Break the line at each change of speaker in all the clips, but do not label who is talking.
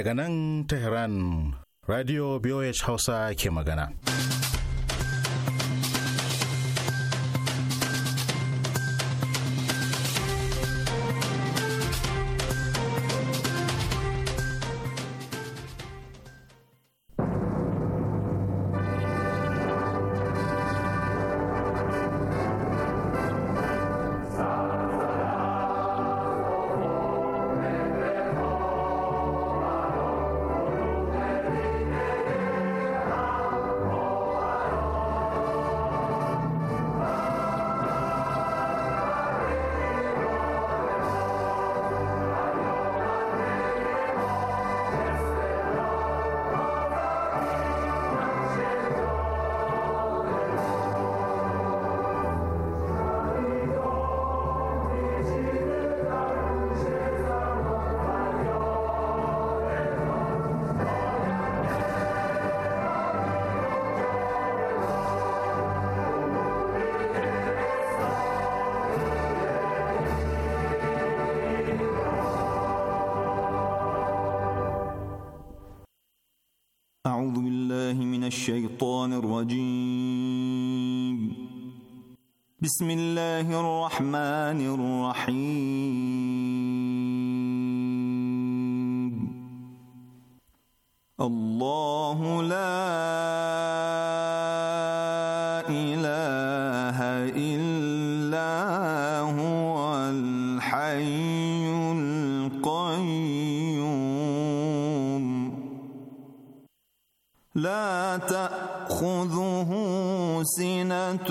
daga nan tehran radio bih hausa ke magana.
إلا هو الحي القيوم لا تأخذه سنة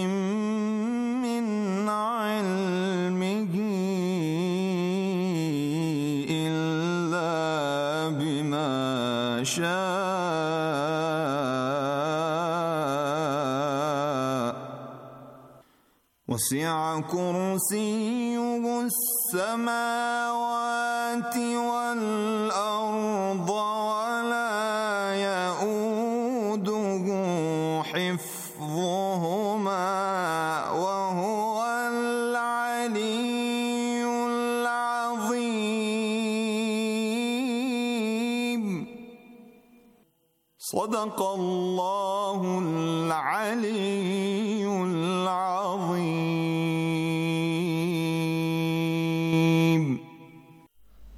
وسع كرسيه السماوات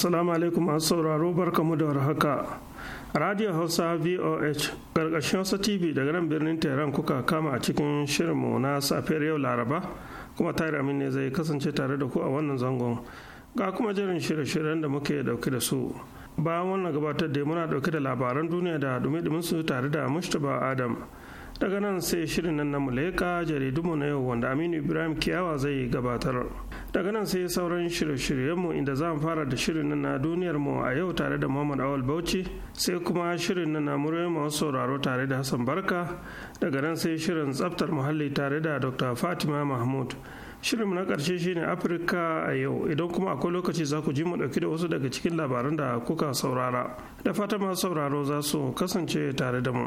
assalamu alaikum masu sauraro mu da warhaka radio hausa voh karkashin hausa tv daga nan birnin tehran kuka kama a cikin shirinmu na safiyar yau laraba kuma tare ne zai kasance tare da ku a wannan zangon ga kuma jirin shirye-shiryen da muke dauke da su bayan wannan gabatar da muna dauke da labaran duniya da dumi su tare da mustapha adam daga nan sai shirin nan na muleka jaridunmu na yau wanda aminu ibrahim kiyawa zai gabatar daga nan sai sauran shirye-shiryenmu inda za mu fara da shirin nan na mu a yau tare da muhammad awal bauchi sai kuma shirin nan na muryoyin masu sauraro tare da hassan barka daga nan sai shirin tsaftar muhalli tare da dr fatima mahmud shirin na karshe shine afirka a yau idan kuma akwai lokaci za ku ji mu ɗauki da wasu daga cikin labaran da kuka saurara da fatan masu sauraro za su kasance tare da mu.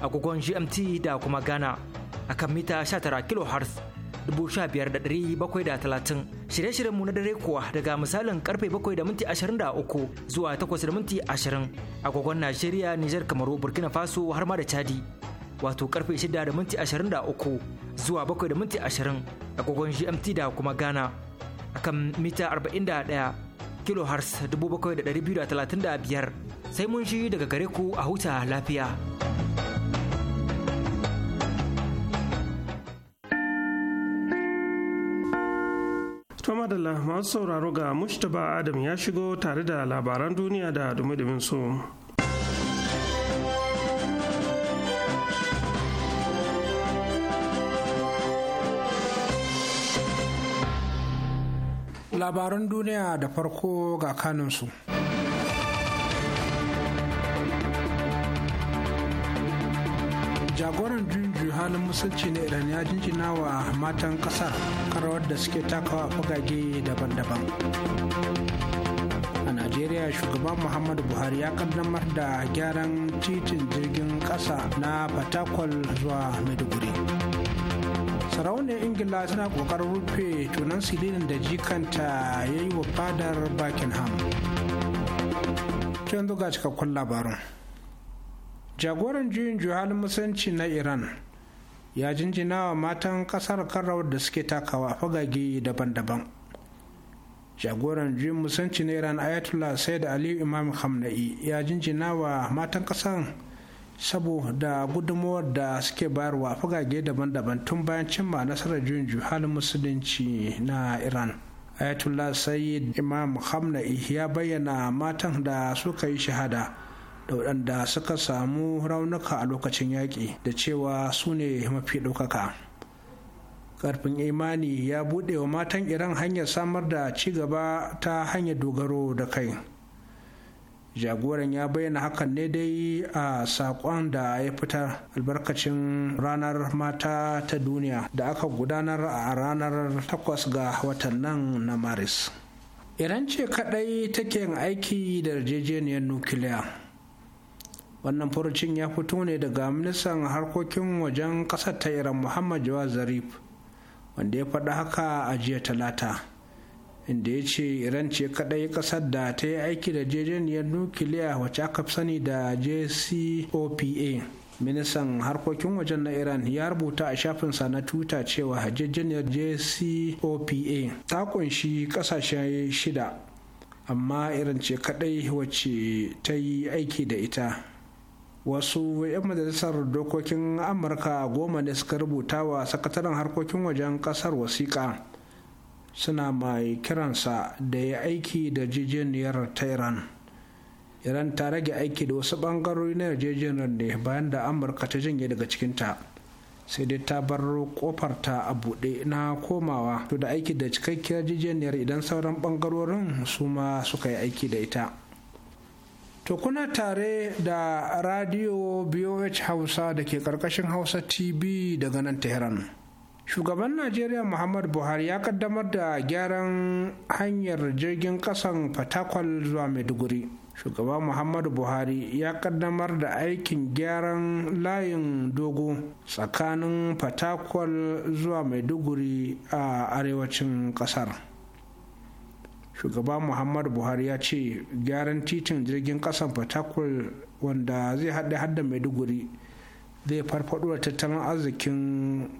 agogon GMT da kuma Ghana a kan mita 19 kHz 15,730 shirye-shiryen mu na dare kuwa daga misalin karfe 7 da minti zuwa 8 da minti agogon Najeriya, Nijar, Kamaru, Burkina Faso har ma da Chadi. Wato karfe 6.23 da minti zuwa 7 da minti agogon GMT da kuma Ghana akan mita 41 kilohertz 7,235 sai mun shi daga gare ku a huta lafiya.
Toma da masu sauraro ga Mustapha Adam ya shigo tare da labaran duniya da dumi su.
Labaran duniya da farko ga kaninsu. Jagoran halin musulci na iran ya jinjina wa matan kasar karawar da suke takawa fagage daban-daban a najeriya shugaban muhammadu buhari ya kaddamar da gyaran titin jirgin kasa na fatakwal zuwa maiduguri sarauniyar ingila suna kokarin rufe tunan silinin da jikanta ya yi wa fadar buckingham yanzu ga cikakkun labarin jagoran juyin juhalin musanci na iran ya jinjina wa matan kasar karrawar da suke takawa fagage daban-daban jagoran jin musanci na iran ayatollah said aliyu imam hamna'i ya jinjina wa matan kasar saboda gudunmawar da suke bayarwa fagage daban-daban tun bayan cimma nasarar juyin halin musulunci na iran ayatollah sayyid imam hamna'i ya bayyana matan da suka yi shahada da waɗanda suka samu raunuka a lokacin yaƙi da cewa su ne mafi ɗaukaka ƙarfin imani ya buɗe wa matan iran hanyar samar da ci gaba ta hanyar dogaro da kai jagoran ya bayyana hakan ne dai a saƙon da ya fitar albarkacin ranar mata ta duniya da aka gudanar a ranar 8 ga watan nan na maris iran ce kaɗai take yin aiki da yarjejeniyar nukiliya wannan furucin ya fito ne daga ministan harkokin wajen ƙasar ta iran muhammad jawad zarif wanda ya faɗi haka a jiya talata inda ya ce iran ce kadai ƙasar da ta yi aiki da jejeniyar nukiliya wacce aka sani da jcopa ministan harkokin wajen na iran ya rubuta a shafinsa na tuta cewa jejeniyar jcopa ta kunshi ƙasashe shida amma iran ce kadai wacce ta yi aiki da ita wasu 'yan majalisar dokokin amurka goma ne suka rubuta wa sakataren harkokin wajen kasar wasiƙa suna mai kiransa da ya aiki da jijiyar ta iran iran ta rage aiki da wasu bangarori na yarjejeniyar ne bayan da amurka ta janye daga cikinta sai dai ta bar kofar a buɗe na komawa to da aiki da cikakkiyar jijiyar idan sauran bangarorin su ma suka yi aiki da ita To kuna tare da radio BOH Hausa da ke karkashin Hausa TV daga nan Tehran. Shugaban Najeriya Muhammad Buhari ya kaddamar da gyaran hanyar jirgin kasan Fatakwal zuwa Maiduguri. Shugaba Muhammadu Buhari ya kaddamar da aikin gyaran layin dogo tsakanin Fatakwal zuwa Maiduguri a arewacin kasar. shugaba muhammadu buhari ya ce gyaran titin jirgin kasan fatakwal wanda zai haɗe hadda maiduguri zai farfaɗo da tattalin arzikin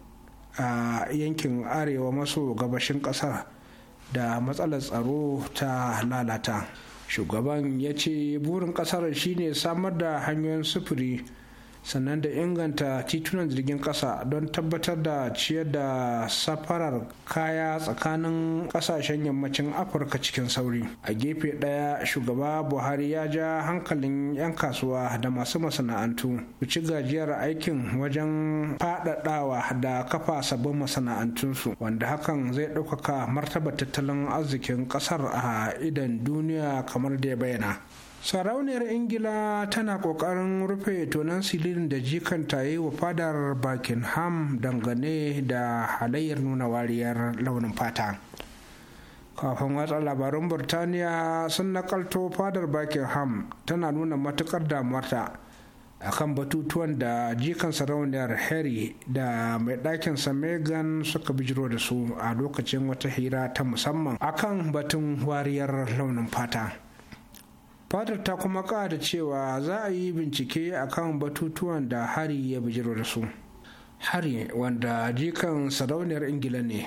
a yankin arewa maso gabashin ƙasar da matsalar tsaro ta lalata shugaban ya ce burin ƙasar shine samar da hanyoyin sufuri sannan da inganta titunan jirgin kasa don tabbatar da ciyar da safarar kaya tsakanin ƙasashen yammacin afirka cikin sauri a gefe ɗaya shugaba buhari ya ja hankalin 'yan kasuwa da masu masana'antu su ci gajiyar aikin wajen faɗaɗawa da kafa sabbin masana'antunsu wanda hakan zai ɗaukaka martaba tattalin arzikin ƙasar a idan duniya kamar da ya bayyana sarauniyar ingila tana kokarin rufe tonan silin da jikanta yi wa fadar buckingham dangane da halayyar nuna wariyar launin fata kafin watsa labarun burtaniya sun nakalto fadar buckingham tana nuna matukar damuwarta akan batutuwan da jikan sarauniyar harry da mai ɗakin megan suka bijiro da su a lokacin wata hira ta musamman akan batun wariyar launin fata. fadar ta kuma da cewa za a yi bincike a kan batutuwan da hari ya bijiro da su hari wanda jikan sarauniyar ingila ne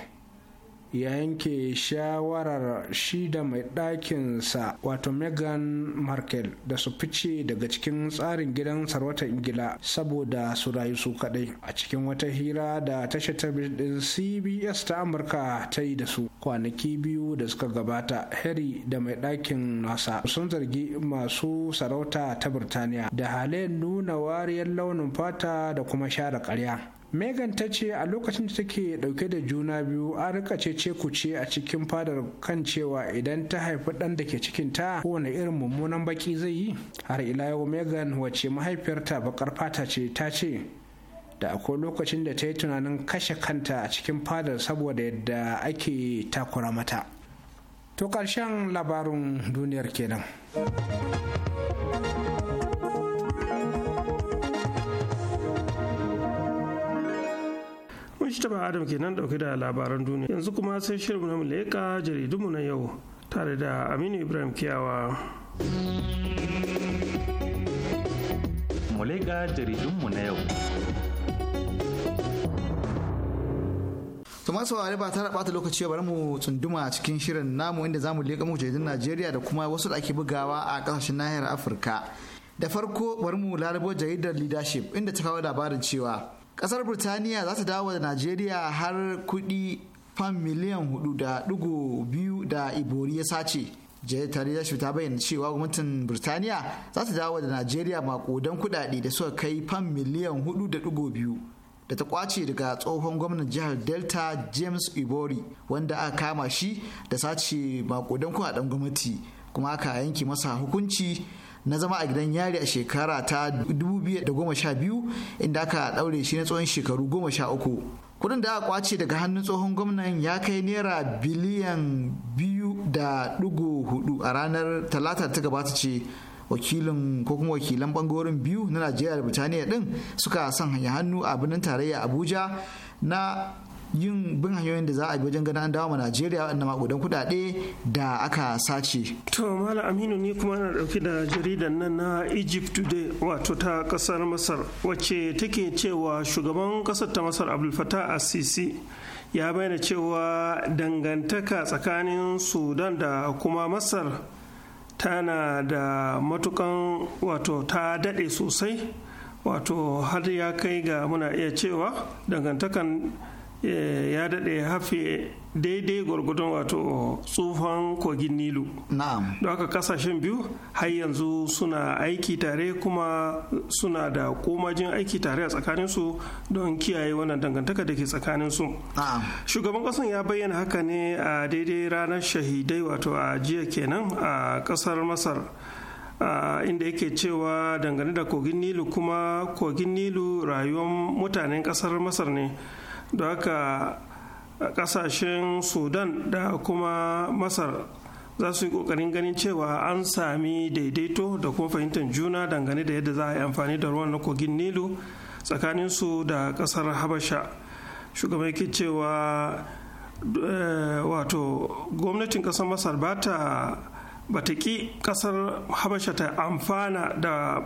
ya yanke shawarar shi da mai ɗakinsa wato Meghan Markle da su fice daga cikin tsarin gidan sarwata Ingila saboda su rayu su kaɗai. A cikin wata hira da tashar ɗin CBS ta Amurka ta yi da su kwanaki biyu da suka gabata Harry da mai ɗakin nasa sun zargi masu sarauta ta Birtaniya da halayen nuna wariyar launin fata da kuma share karya. megan ta ce a lokacin da take dauke da juna biyu an rika cece kuce a cikin fadar kan cewa idan ta haifi dan da ke cikin ta kowane irin mummunan baki zai yi har ila yau megan wace mahaifiyarta bakar fata ce ta ce da akwai lokacin da ta yi tunanin kashe kanta a cikin fadar saboda yadda ake takura mata to karshen labarin duniyar kenan.
mujtaba adam nan dauke da labaran duniya yanzu kuma sai shirin na jaridun jaridunmu na yau tare da aminu ibrahim kiyawa muleka jaridunmu na yau
Tuma saurari ba tara bata lokaci bari mu tsunduma cikin shirin namu inda zamu leƙa mu jaridun Najeriya da kuma wasu da ake bugawa a ƙasashen nahiyar Afirka. Da farko bari mu larabo jaridar leadership inda ta kawo labarin cewa kasar birtaniya za ta dawo da najeriya har kudi fan miliyan hudu da dugu biyu da ibori ya sace jayar tare shi ta bayyana cewa gwamnatin birtaniya za ta dawo da najeriya makudan kudade da suka kai fan miliyan hudu da dugu biyu da ta kwace daga tsohon gwamnan jihar delta james ibori wanda aka kama shi da sace makudan kudaden gwamnati kuma aka yanke masa hukunci na zama a gidan yari a shekara ta 2012 inda aka ɗaure shi na tsawon shekaru 13 kudin da aka kwace daga hannun tsohon gwamnan ya kai naira biliyan biyu da dugu hudu a ranar talata ta gabata ce wakilin ko kuma wakilan bangorin biyu na najeriya da birtaniya din suka son hanya hannu a birnin tarayya abuja na yin bin hanyoyin da za a bi wajen ganin an dawo ma Najeriya
waɗannan makudan kuɗaɗe da aka sace. To Malam Aminu ni kuma na ɗauki da jaridar nan na Egypt Today wato ta ƙasar Masar wacce take cewa shugaban ƙasar ta Masar Abdul Fattah Assisi ya bayyana cewa dangantaka tsakanin Sudan da kuma Masar tana da matukan wato ta dade sosai wato har ya kai ga muna iya cewa dangantakan Eh, ya daɗe hafi daidai gwargwadon wato tsufan kogin nilu na'am don haka kasashen biyu har yanzu suna aiki tare kuma suna da komajin aiki tare a tsakaninsu don kiyaye wannan dangantaka da ke tsakaninsu shugaban kasan ya bayyana haka ne a daidai ranar shahidai wato a jiya kenan a kasar masar Uh, inda yake cewa dangane da kogin nilu kuma kogin nilu rayuwar mutanen kasar masar ne da haka kasashen sudan da kuma masar za su yi kokarin ganin cewa an sami daidaito da kuma fahimtar juna dangane da yadda za a yi amfani da ruwan na kogin nilu tsakanin su da kasar habasha shugaban ke cewa eh, wato gwamnatin kasar masar ba ta ki kasar habasha ta amfana da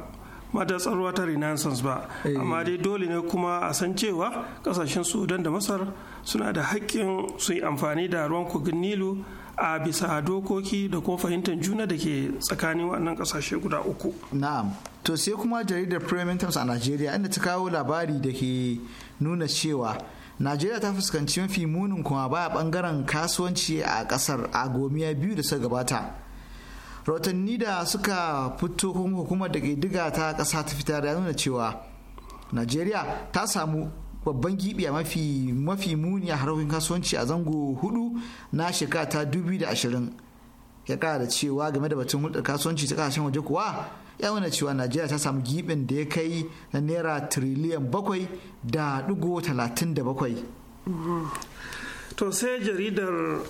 matatsar ta renaissance ba eh. amma dai dole ne kuma a san cewa kasashen sudan da masar suna da haƙƙin su yi amfani da ruwan kogin nilu a bisa dokoki da kuma fahimtar juna da ke tsakanin wannan kasashe guda uku
na'am to sai kuma jaridar premier times a nigeria inda ta kawo labari da ke nuna cewa nigeria ta fuskanci mafi munin kuma baya bangaren kasuwanci a kasar a gomiya biyu da suka gabata rahotanni da suka fito kuma hukumar da diga ta kasa ta fitar ya nuna cewa najeriya ta samu babban gibi mafi mafi muni a harkokin kasuwanci a zango hudu na shekara ta dubi da ashirin ya kara da cewa game da batun hulɗar kasuwanci ta kasashen waje kuwa ya nuna cewa najeriya ta samu gibin da ya kai na naira tiriliyan bakwai da digo talatin da bakwai
to sai jaridar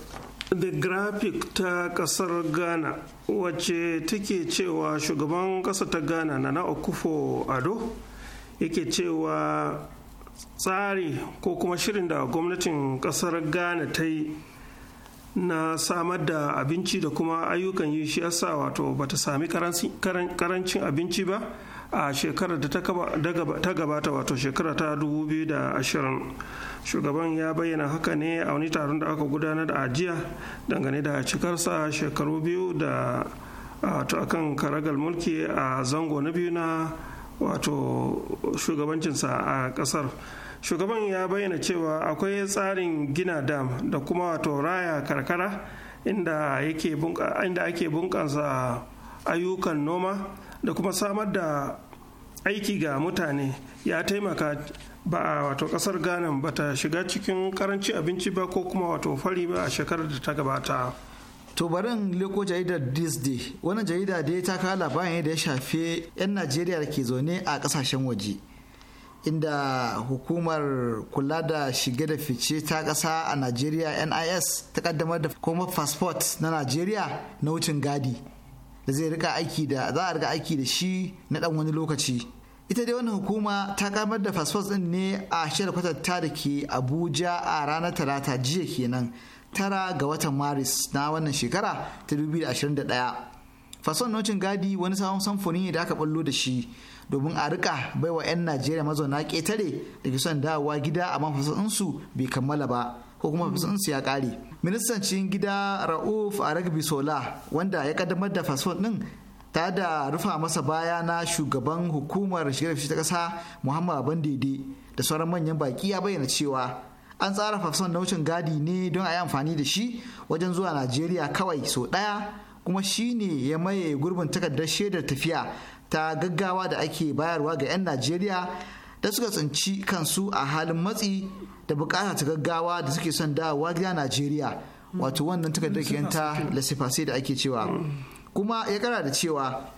The Graphic ta kasar Ghana wacce take cewa shugaban kasa ta Ghana na Akufo Ado yake cewa tsari ko kuma shirin da gwamnatin kasar Ghana ta yi na samar da abinci da kuma ayyukan yi shi yasa wato bata sami karancin abinci ba a shekarar da ta gabata wato shekara ta ashirin, shugaban ya bayyana haka ne a wani taron da aka gudanar a jiya dangane da cikarsa shekaru biyu da wato akan karagal mulki a zango na biyu na wato shugabancinsa a kasar shugaban ya bayyana cewa akwai tsarin gina dam da kuma wato raya karkara inda ake bunƙasa ayyukan noma da kuma samar da aiki ga mutane ya taimaka ba a wato kasar ghana ba ta shiga cikin karanci abinci ba ko kuma wato fari ba a shekarar da ta gabata to barin leko jaridar disney wannan jarida da ta kawo labarin
da ya shafe 'yan najeriya da ke zaune a kasashen waje inda hukumar kula da shige da fice ta kasa a najeriya nis ta kaddamar da kuma fasfot na najeriya na wucin gadi da zai rika aiki da za a rika aiki da shi na dan wani lokaci ita dai wannan hukuma ta kamar da fasfos din ne a shirin kwatatta da ke abuja a ranar talata jiya kenan tara ga watan maris na wannan shekara ta 2021 fason nocin gadi wani sabon samfoni ne da aka ballo da shi domin a rika baiwa 'yan najeriya mazauna ketare da ke son dawowa gida amma insu bai kammala ba ko kuma fasasinsu ya kare ministan gida rauf a aragbi sola wanda ya kaddamar da fasfon din ta da rufa masa baya na shugaban hukumar shigar fice ta ƙasa muhammad bandede da sauran manyan baki ya bayyana cewa an tsara fasfon na wucin gadi ne don a yi amfani da shi wajen zuwa najeriya kawai sau ɗaya kuma shi ne ya maye gurbin takardar shaidar tafiya ta gaggawa da ake bayarwa ga 'yan najeriya da suka tsinci kansu a halin matsi da bukata ta gaggawa da suke son dawowa gida Najeriya wato wannan takardar ta lasifase da ake cewa kuma ya kara da cewa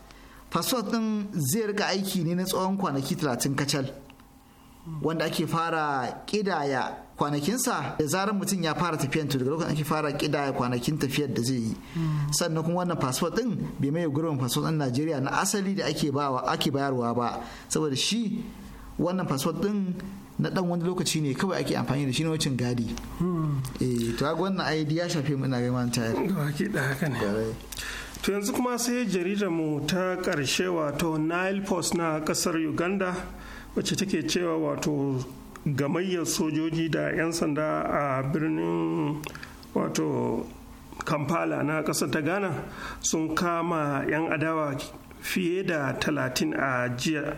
fasfot din zai rika aiki ne na tsawon kwanaki 30 kacal wanda ake fara kidaya kwanakinsa da zarar mutum ya fara tafiyan to daga lokacin ake fara kidaya kwanakin tafiyar da zai yi sannan kuma wannan fasfot din bai mai gurbin fasfot din Najeriya na asali da ake bawa ake bayarwa ba saboda shi wannan fasfot din na dan wani lokaci ne kawai ake amfani da shi na wucin gadi eh to ga wannan ID ya shafe mu ina ga man tayar da haka ne
to yanzu kuma sai jaridar mu ta karshe wato Nile Post na kasar Uganda wacce take cewa wato gamayyar sojoji da 'yan sanda a birnin wato kampala na ƙasar ta ghana sun kama 'yan adawa fiye da talatin a jiya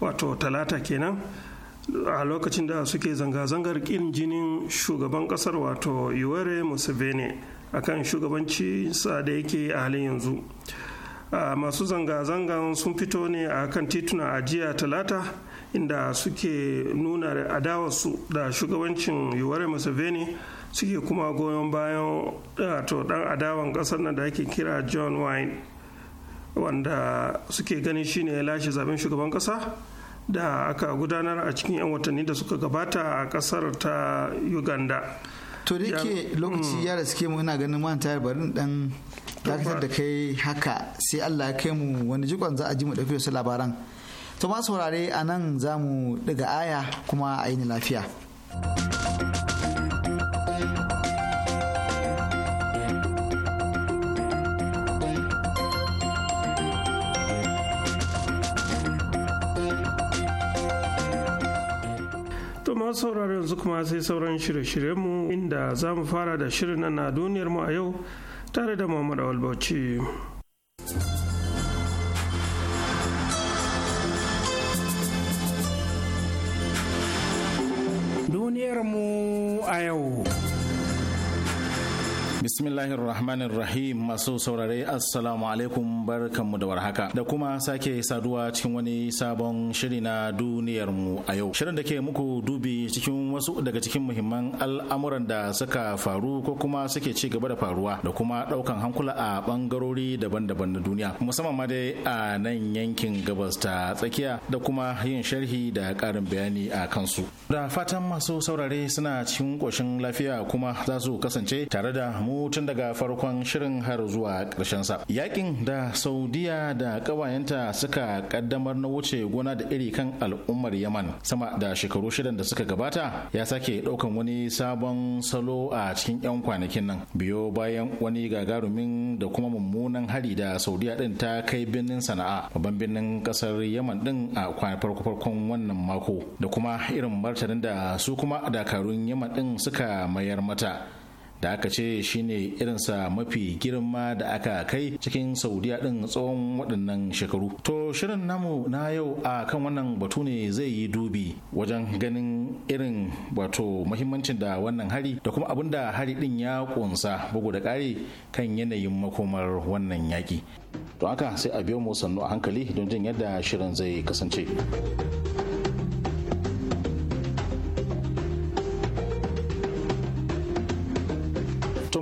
wato talata kenan a lokacin da suke zanga-zangar kin jinin shugaban kasar wato a museveni shugabanci sa da yake a halin yanzu masu zanga-zangan sun fito ne a kan tituna a jiya talata inda suke nuna adawarsu da shugabancin yuware museveni suke kuma goyon bayan wato eh, dan adawan kasar nan da ake kira john wine wanda suke ganin shine ya lashe zaben shugaban kasa da aka gudanar a cikin 'yan watanni da suka gabata a kasar ta uganda to da yake lokaci mm.
ya raske mu ina ganin man tayar barin dan dakatar da kai haka sai allah ya kai mu wani jikon za a ji mu dafi wasu labaran to ma saurare a nan za mu daga aya kuma a yi lafiya.
To masu saurare yanzu kuma sai sauran shirye-shiryenmu inda za mu fara da shirin na duniyarmu a yau tare da Muhammad Awal Bauchi.
Duniyarmu
a yau. Bismillahir Rahmanir Rahim masu saurare Assalamu alaikum barkanmu da warhaka da kuma sake saduwa cikin wani sabon shiri na duniyar mu a yau. Shirin da ke muku dubi cikin wasu daga cikin muhimman al'amuran da suka faru ko kuma suke ci gaba da faruwa da kuma daukan hankula a bangarori daban-daban na duniya musamman ma dai a nan yankin gabas ta tsakiya da kuma yin sharhi da karin bayani a kansu. Da fatan masu saurare suna cikin koshin lafiya kuma za su kasance tare da mu mu tun daga farkon shirin har zuwa ƙarshen sa. Yakin da Saudiya da ƙawayenta suka kaddamar na wuce gona da iri kan al'ummar Yaman sama da shekaru shidan da suka gabata ya sake ɗaukan wani sabon salo a cikin 'yan kwanakin nan biyo bayan wani gagarumin da kuma mummunan hari da Saudiya din ta kai birnin Sana'a babban birnin ƙasar Yaman ɗin a farko-farkon wannan mako da kuma irin martanin da su kuma dakarun Yaman ɗin suka mayar mata. da aka ce shine irinsa mafi girma da aka kai cikin saudiya din tsawon waɗannan shekaru to shirin namu na yau a kan wannan batu ne zai yi dubi wajen ganin irin wato mahimmancin da wannan hari da kuma abin da hari din ya kunsa bugu da ƙari kan yanayin makomar wannan yaƙi to haka sai a biyo mu sannu a hankali don jin yadda shirin zai kasance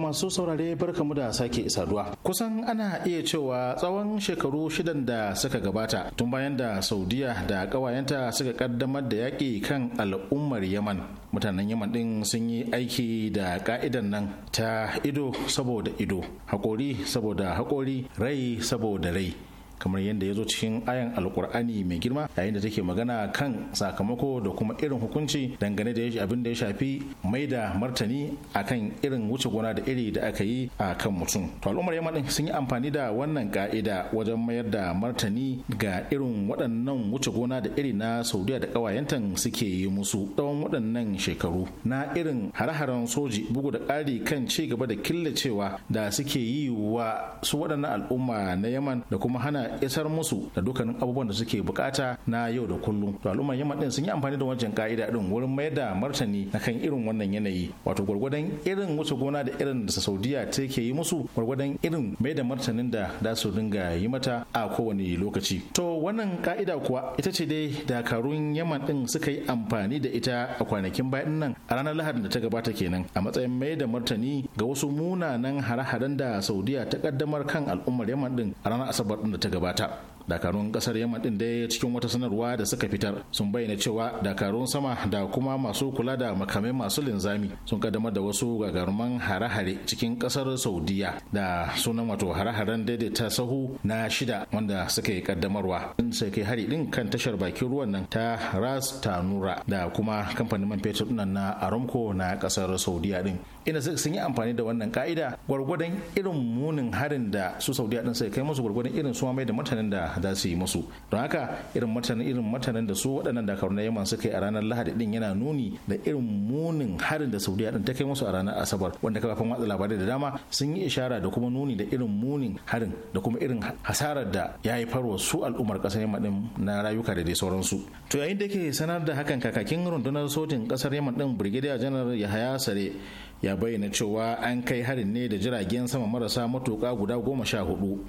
masu saurare barkamu da sake saduwa. Kusan ana iya cewa tsawon shekaru shidan da suka gabata tun bayan da Saudiya da ƙawayenta suka kaddamar da yaƙi kan al'ummar Yaman. Mutanen Yaman ɗin sun yi aiki da ka'idan nan ta ido saboda ido, haƙori saboda haƙori, rai saboda rai. kamar yadda ya zo cikin ayan alkur'ani mai girma yayin da take magana kan sakamako da kuma irin hukunci dangane da abin da ya shafi mai da martani a kan irin wuce gona da iri da aka yi a kan mutum to al'ummar yamma din sun yi amfani da wannan ka'ida wajen mayar da martani ga irin waɗannan wuce gona da iri na saudiya da ƙawayentan suke yi musu tsawon waɗannan shekaru na irin hare-haren soji bugu da ƙari kan ci gaba da killacewa da suke yi wa su waɗannan al'umma na yaman da kuma hana isar musu da dukkanin abubuwan da suke bukata na yau da kullum to al'ummar yamma din sun yi amfani da wancan ka'ida din wurin mayar da martani na kan irin wannan yanayi wato gwargwadon irin wuce gona da irin da saudiya take yi musu gwargwadon irin mai da martanin da za su dinga yi mata a kowane lokaci to wannan ka'ida kuwa ita ce dai dakarun yaman din suka yi amfani da ita a kwanakin bayan nan a ranar lahadin da ta gabata kenan a matsayin mai da martani ga wasu munanan hare-haren da saudiya ta kaddamar kan al'ummar yaman din a ranar asabar din da ta gabata gabata dakarun kasar yamma din dai cikin wata sanarwa da suka fitar sun bayyana cewa dakarun sama da kuma masu kula da makamai masu linzami sun kaddamar da wasu gagarumin hare-hare cikin kasar saudiya da sunan wato hare-haren daidaita sahu na shida wanda suka yi kaddamarwa in sai kai hari din kan tashar bakin ruwan nan ta ras tanura da kuma kamfanin man fetur na aramco na kasar saudiya din inda sun yi amfani da wannan ka'ida gwargwadon irin munin harin da su saudiya din sai kai musu gwargwadon irin su mai da mutanen da za su yi musu don haka irin mutanen irin mutanen da su waɗannan dakarun na yaman suka yi a ranar lahadi din yana nuni da irin munin harin da saudiya din ta kai musu a ranar asabar wanda kafafen watsa labarai da dama sun yi ishara da kuma nuni da irin munin harin da kuma irin hasarar da ya haifarwa su al'ummar ƙasar yaman din na rayuka da dai sauransu to yayin da ke sanar da hakan kakakin rundunar sojin ƙasar yaman din brigadier general yahaya sare ya bayyana cewa an kai harin ne da jiragen sama marasa matuƙa guda goma sha hudu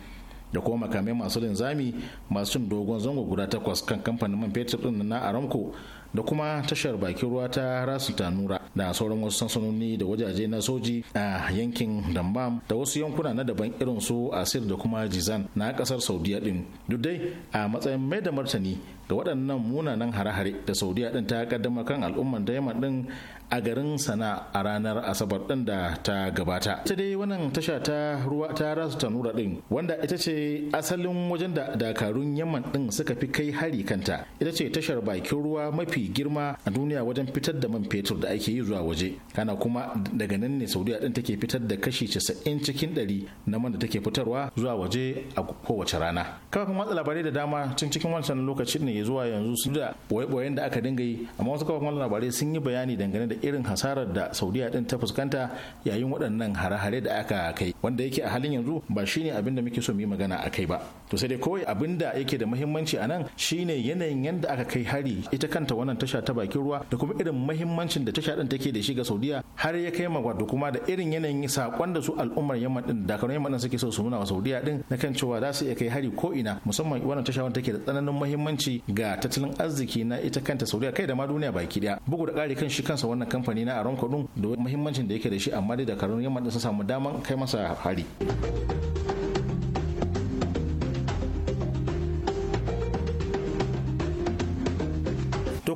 da kuma makamai masu linzami masu cin dogon zango guda takwas kan kamfanin man fetur din na aramco da kuma tashar bakin ruwa ta rasu tanura da sauran wasu sansanoni da wajaje na soji a yankin dambam da wasu yankuna na daban irin su asir da kuma jizan na kasar saudiya din duk dai a matsayin mai da martani ga waɗannan munanan hare-hare da saudiya din ta kaddama kan al'umman da yaman din a garin sana a ranar asabar din da ta gabata ita dai wannan tasha ta ruwa ta rasu ta nura din wanda ita ce asalin wajen da dakarun yamman din suka fi kai hari kanta ita ce tashar bakin ruwa mafi girma a duniya wajen fitar da man fetur da ake yi zuwa waje kana kuma daga nan ne saudiya din take fitar da kashi 90 cikin 100 na man da take fitarwa zuwa waje a kowace rana kafin watsa labarai da dama tun cikin wancan lokacin ne zuwa yanzu su da boye-boyen da aka dinga yi amma wasu kafin labarai sun yi bayani dangane da irin hasarar da saudiya din ta fuskanta yayin waɗannan hare-hare da aka kai wanda yake a halin yanzu ba shine abin da muke so mu yi magana a kai ba to sai dai kawai abin da yake da muhimmanci a nan shine yanayin yadda aka kai hari ita kanta wannan tasha ta bakin ruwa da kuma irin muhimmancin da tasha din take da shi ga saudiya har ya kai da kuma da irin yanayin sakon da su al'ummar yamma din dakarun yamma din suke so su nuna wa saudiya din na kan cewa za su iya kai hari ko ina musamman wannan tasha wanda take da tsananin muhimmanci ga tattalin arziki na ita kanta saudiya kai da ma duniya baki daya bugu da kare kan shi kansa wannan kamfani na aron kudin da muhimmancin da yake da shi amma dai da karun yamma sun samu daman kai masa hari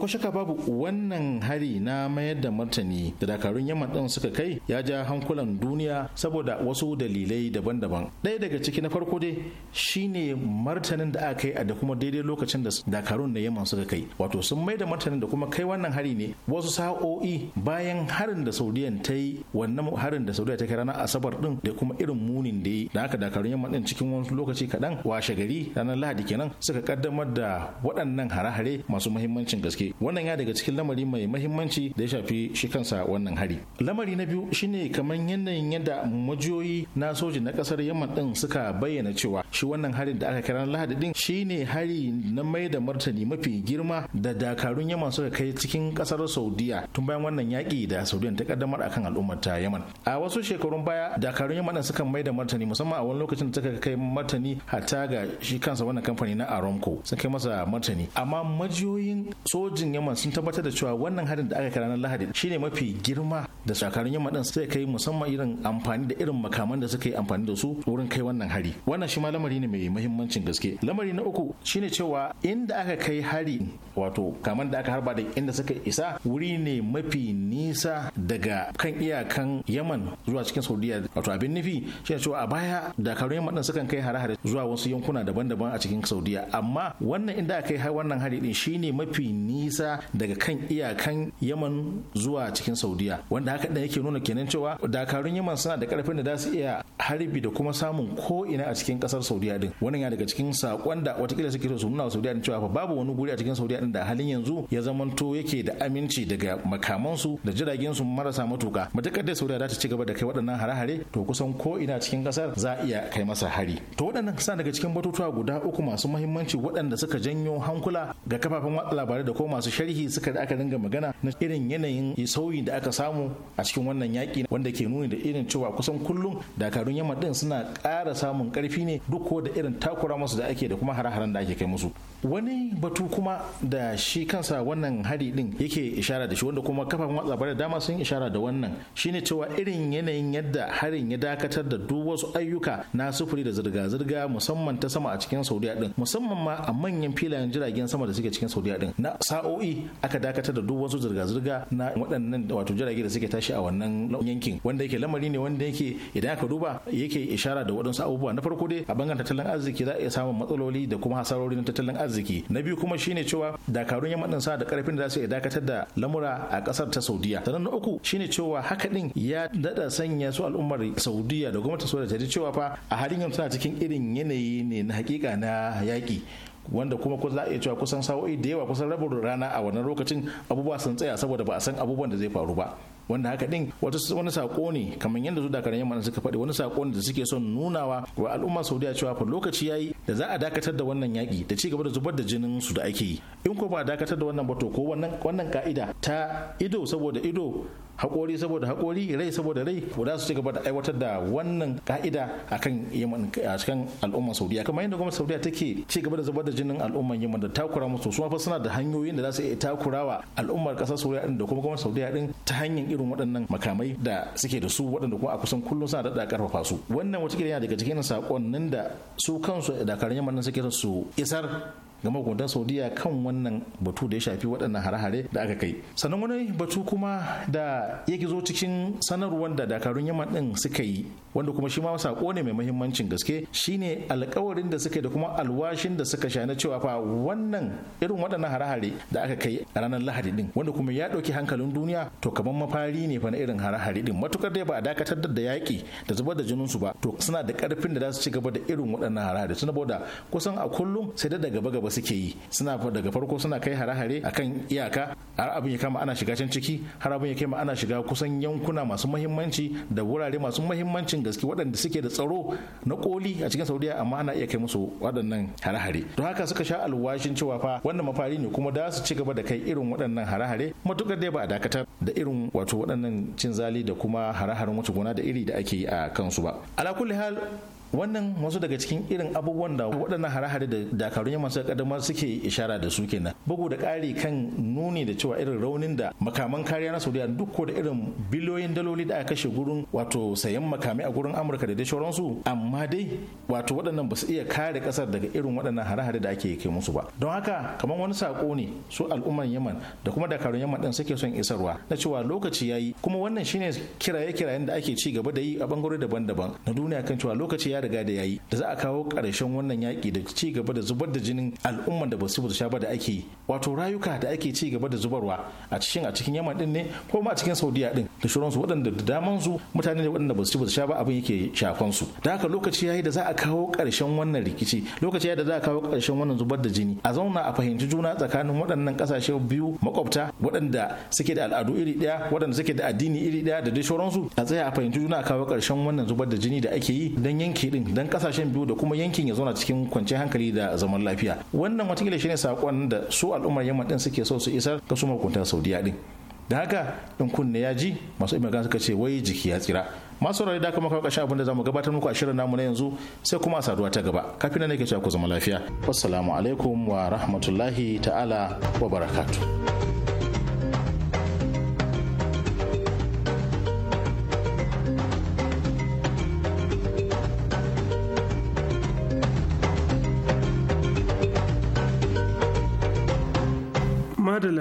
ko shaka babu wannan hari na mayar da martani da dakarun yamma din suka kai ya ja hankulan duniya saboda wasu dalilai daban-daban ɗaya daga ciki na farko dai shine martanin da aka yi a da kuma daidai lokacin da dakarun na yamma suka kai wato sun mai da martanin da kuma kai wannan hari ne wasu sa'o'i bayan harin da saudiyan ta yi wannan harin da saudiya ta kai ranar asabar din da kuma irin munin da yi da aka dakarun yamma din cikin wani lokaci kaɗan washe gari ranar lahadi kenan suka kaddamar da waɗannan hare-hare masu muhimmancin gaske wannan ya daga cikin lamari mai mahimmanci da ya shafi shi kansa wannan hari lamari na biyu shine kamar yanayin yadda majiyoyi na soji na kasar yamman din suka bayyana cewa shi wannan harin da aka kira lahadi din shine hari na mai da martani mafi girma da dakarun yamman suka kai cikin kasar saudiya tun bayan wannan yaki da saudiya ta kaddamar akan al'ummar ta yaman a wasu shekarun baya dakarun yamman din suka mai da martani musamman a wani lokacin da suka kai martani hatta ga shi kansa wannan kamfani na aramco sun kai masa martani amma majiyoyin soji sojin yamma sun tabbatar da cewa wannan harin da aka kai ranar lahadi shine mafi girma da sakarun yamma din sai kai musamman irin amfani da irin makaman da suka yi amfani da su wurin kai wannan hari wannan shi ma lamari ne mai muhimmancin gaske lamari na uku shine cewa inda aka kai hari wato kaman da aka harba da inda suka isa wuri ne mafi nisa daga kan iyakan yaman zuwa cikin saudiya wato abin nufi shine cewa a baya dakarun yamma din sukan kai hare-hare zuwa wasu yankuna daban-daban a cikin saudiya amma wannan inda aka kai wannan hari din shine mafi nisa nisa daga kan iyakan yaman zuwa cikin saudiya wanda haka da yake nuna kenan cewa dakarun yaman suna da karfin da za su iya harbi da kuma samun ko ina a cikin kasar saudiya din wannan ya daga cikin sakon da watakila suke so su nuna saudiya din cewa babu wani guri a cikin saudiya din da halin yanzu ya zamanto yake da aminci daga makamansu da jiragen su marasa matuka matakar da saudiya za ta ci gaba da kai waɗannan hare to kusan ko ina cikin kasar za a iya kai masa hari to waɗannan suna daga cikin batutuwa guda uku masu mahimmanci waɗanda suka janyo hankula ga kafafen watsa labarai da kuma masu sharhi suka da aka dinga magana na irin yanayin sauyi da aka samu a cikin wannan yaƙi wanda ke nuni da irin cewa kusan kullum dakarun yamma din suna ƙara samun ƙarfi ne duk ko da irin takura musu da ake da kuma hare-haren da ake kai musu wani batu kuma da shi kansa wannan hari din yake ishara da shi wanda kuma kafafen watsa da dama sun ishara da wannan shine cewa irin yanayin yadda harin ya dakatar da duk wasu ayyuka na sufuri da zirga-zirga musamman ta sama a cikin saudiya din musamman ma a manyan filayen jiragen sama da suke cikin saudiya din na sa'o nau'i aka dakatar da duk wasu zirga-zirga na waɗannan wato jirage da suke tashi a wannan yankin wanda yake lamari ne wanda yake idan aka duba yake ishara da waɗansu abubuwa na farko dai a bangaren tattalin arziki za a iya samun matsaloli da kuma hasarori na tattalin arziki na biyu kuma shine cewa dakarun yamma din sa da karfin da za su iya dakatar da lamura a ƙasar ta saudiya sannan na uku shine cewa haka din ya daɗa sanya su al'ummar saudiya da gwamnatin saudiya ta ji cewa fa a halin yanzu tana cikin irin yanayi ne na hakika na yaƙi wanda kuma ko za a iya cewa kusan sa'o'i da yawa kusan rabin rana a wannan lokacin abubuwa sun tsaya saboda ba a san abubuwan da zai faru ba wanda haka din wata wani sako ne kamar yadda su dakarun yamma suka faɗi wani sako ne da suke son nunawa wa al'umma saudiya cewa fa lokaci yayi da za a dakatar da wannan yaki da ci gaba da zubar da jinin su da ake yi in ko ba a dakatar da wannan ba to ko wannan wannan ka'ida ta ido saboda ido haƙori saboda haƙori rai saboda rai za su ci gaba da aiwatar da wannan ka'ida a kan yaman a cikin al'ummar saudiya kamar yadda gwamnatin saudiya take ci gaba da zubar da jinin al'ummar yaman da takura musu su fa suna da hanyoyin da za su iya takurawa al'ummar ƙasar saudiya din da kuma gwamnatin saudiya din ta hanyar irin waɗannan makamai da suke da su waɗanda kuma a kusan kullum suna daɗa ƙarfafa su wannan wata yana daga cikin sakonnin da su kansu karin yaman nan suke su isar ga mahukuntan saudiya kan wannan batu da ya shafi waɗannan hare-hare da aka kai sannan wani batu kuma da ya gizo cikin sanarwar da dakarun yaman ɗin suka yi wanda kuma shi ma sako ne mai mahimmancin gaske shine alkawarin da suka da kuma alwashin da suka shana cewa fa wannan irin waɗannan hare-hare da aka kai a ranar lahadi din wanda kuma ya ɗauki hankalin duniya to kamar mafari ne fa na irin hare-hare din matukar dai ba a dakatar da yaƙi da zubar da jinin su ba to suna da ƙarfin da za su ci gaba da irin waɗannan hare-hare suna boda kusan a kullum sai da gaba-gaba suke yi suna daga farko suna kai hare-hare akan iyaka har abin ya kama ana shiga can ciki har abin ya ma ana shiga kusan yankuna masu mahimmanci da wurare masu mahimmancin gaske waɗanda suke da tsaro na koli a cikin saudiya amma ana iya kai musu waɗannan hare-hare don haka suka sha alwashin cewa fa wannan mafari ne kuma da su ci gaba da kai irin waɗannan hare-hare matukar dai ba a dakatar da irin wato waɗannan cin zali da kuma hare-haren wuce gona da iri da ake yi a kansu ba ala kulli hal wannan wasu daga cikin irin abubuwan da waɗannan hare-hare da dakarun yamma suka kaddamar suke ishara da su kenan bugu da ƙari kan nuni da cewa irin raunin da makaman kariya na saudiya duk ko da irin biliyoyin daloli da aka kashe gurin wato sayan makami a gurin amurka da dai su amma dai wato waɗannan ba su iya kare ƙasar daga irin waɗannan hare-hare da ake kai musu ba don haka kamar wani sako ne su al'ummar yaman da kuma dakarun yaman ɗin suke son isarwa na cewa lokaci ya yi kuma wannan shine kiraye-kirayen da ake ci gaba da yi a bangarori daban-daban na duniya kan cewa lokaci ya riga da yayi da za a kawo ƙarshen wannan yaƙi da ci gaba da zubar da jinin al'umman da basu sha ba da ake wato rayuka da ake ci gaba da zubarwa a cikin a cikin yaman din ne ko ma a cikin saudiya din da shuransu waɗanda da daman su mutane ne waɗanda basu ci sha ba abin yake shafan su da haka lokaci yayi da za a kawo ƙarshen wannan rikici lokaci yayi da za a kawo ƙarshen wannan zubar da jini a zauna a fahimci juna tsakanin waɗannan ƙasashe biyu makwabta waɗanda suke da al'adu iri ɗaya waɗanda suke da addini iri ɗaya da dai a tsaya a fahimci juna a kawo ƙarshen wannan zubar da jini da ake yi don yanke din dan kasashen biyu da kuma yankin ya zauna cikin kwanciyar hankali da zaman lafiya wannan watakila shine sakon da su al'ummar yamma din suke so su isar ga su mahukuntan saudiya din da haka in kunne ya ji masu imar suka ce wai jiki ya tsira masu rari da kuma kawo ƙarshen abin da zamu gabatar muku a shirin namu na yanzu sai kuma saduwa ta gaba kafin nan ke cewa ku zama lafiya wassalamu alaikum wa rahmatullahi ta'ala wa barakatuh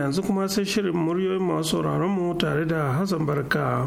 yanzu kuma sai shirin muryoyin masu sauraron mu tare da Hassan Barka.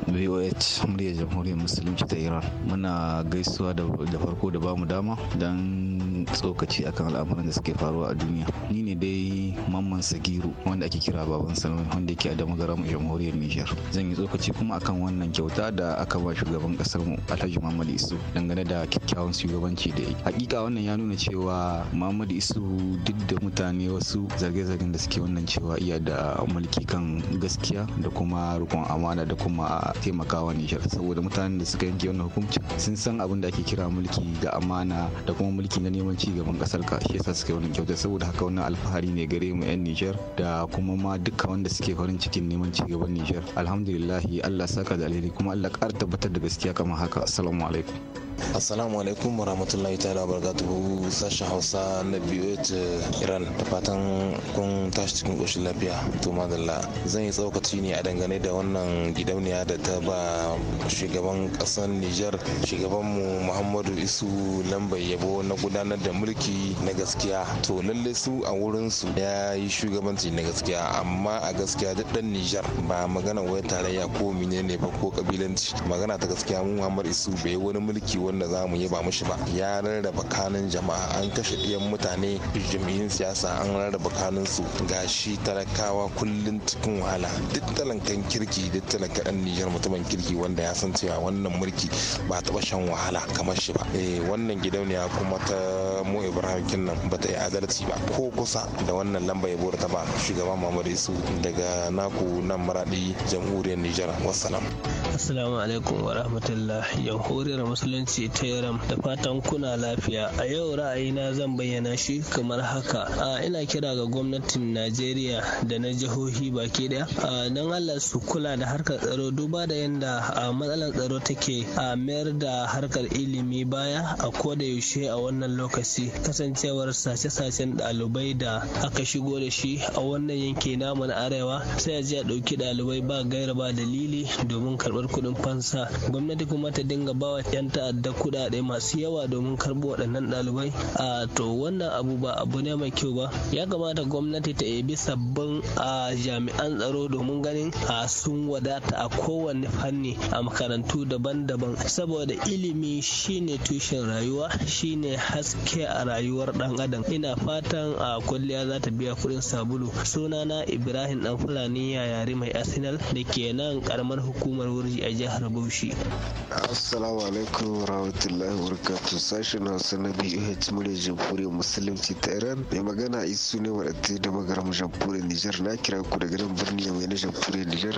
voh muryar jamhuriyar musulunci ta iran muna gaisuwa
da farko da bamu dama don tsokaci akan al'amuran da suke faruwa a duniya ni ne dai mamman sagiru wanda ake kira baban salman wanda yake a damagaram jamhuriyar nijar zan yi tsokaci kuma akan wannan kyauta da aka ba shugaban kasar mu alhaji muhammadu isu dangane da kyakkyawan shugabanci da yi hakika wannan ya nuna cewa muhammadu isu duk da mutane wasu zarge-zargen da suke wannan cewa iya da mulki kan gaskiya da kuma rikon amana da kuma taimakawa nijar saboda mutanen da suka yanke wannan hukuncin sun san abin da ake kira mulki ga amana da kuma mulki na neman neman ci gaban kasar ka shi yasa suke wannan kyauta saboda haka wannan alfahari ne gare mu yan Nijar da kuma ma duka wanda suke farin cikin neman ci gaban Nijar alhamdulillah
Allah saka da alheri kuma
Allah ƙara tabbatar da gaskiya kamar haka assalamu alaikum
assalamu alaikum wa rahmatullahi ta'ala barakatuhu sashen hausa na biyu eh, iran da fatan kun tashi cikin ƙoshin lafiya to madalla zan yi tsaukaci ne a dangane da wannan gidauniya da ta ba shugaban ƙasar nijar shugabanmu muhammadu isu lambar yabo na gudanar da mulki na gaskiya to lalle su a wurinsu ya yi shugabanci na gaskiya amma a gaskiya duk dan nijar ba magana wai tarayya ko menene ba ko kabilanci magana ta gaskiya mu Muhammadu isu bai wani mulki wani abin da za mu yi ba mushi ba ya rarraba kanun jama'a an kashe ɗiyan mutane jam'iyyun siyasa an rarraba kanun su shi talakawa kullun cikin wahala duk talankan kirki duk talaka ɗan nijar mutumin kirki wanda ya san cewa wannan mulki ba taɓa shan wahala kamar shi ba eh wannan gidauniya kuma ta mu ibrahim kinnan ba ta yi adalci ba ko kusa da wannan lamba ya bora ta ba shugaban mamadu isu daga naku nan maraɗi jamhuriyar nijar wassalam
assalamu alaikum wa rahmatullah jamhuriyar musulunci ce ta yaram da fatan kuna lafiya a yau ra'ayina zan bayyana shi kamar haka a ina kira ga gwamnatin najeriya da na jihohi baki daya don allah su kula da harkar tsaro duba da yadda matsalar tsaro take a mayar da harkar ilimi baya a koda yaushe a wannan lokaci kasancewar sace-sacen ɗalibai da aka shigo da shi a wannan yanki namu na arewa sai a je a ɗauki ɗalibai ba gaira ba dalili domin karɓar kuɗin fansa gwamnati kuma ta dinga bawa 'yan ta'adda da kudade masu yawa domin karbo waɗannan ɗalibai a to wannan abu ba abu ne mai kyau ba ya kamata gwamnati ta ebi sabbin a jami'an tsaro domin ganin a sun wadata a kowane fanni a makarantu daban-daban saboda ilimi shine tushen rayuwa shine haske a rayuwar ɗan adam ina fatan a kwalliya za ta biya kuɗin sabulu sunana ibrahim dan fulani ya yare mai arsenal da ke nan karamar hukumar wurji a jihar bauchi
assalamu rahmatullahi wabarakatuh sashen hausa na h murya jamhuriyar musulunci ta Iran mai magana isu ne wadatai da magaram jamhuriyar Nijar na kira ku daga nan birni mai na jamhuriyar Nijar